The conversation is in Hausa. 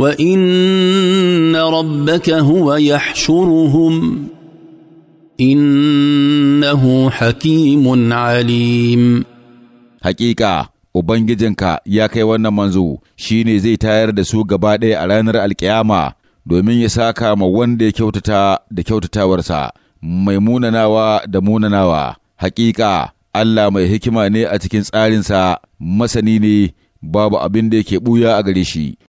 وان ربك هو يحشرهم innahu hakimun alim Hakika Ubangijinka ya kai wannan manzo shi ne zai tayar da su gaba ɗaya a ranar alkiyama domin ya saka ma wanda ya kyautata da kyautatawarsa mai munanawa da munanawa Hakika Allah mai hikima ne a cikin tsarinsa masani ne babu abin da yake ɓuya a gare shi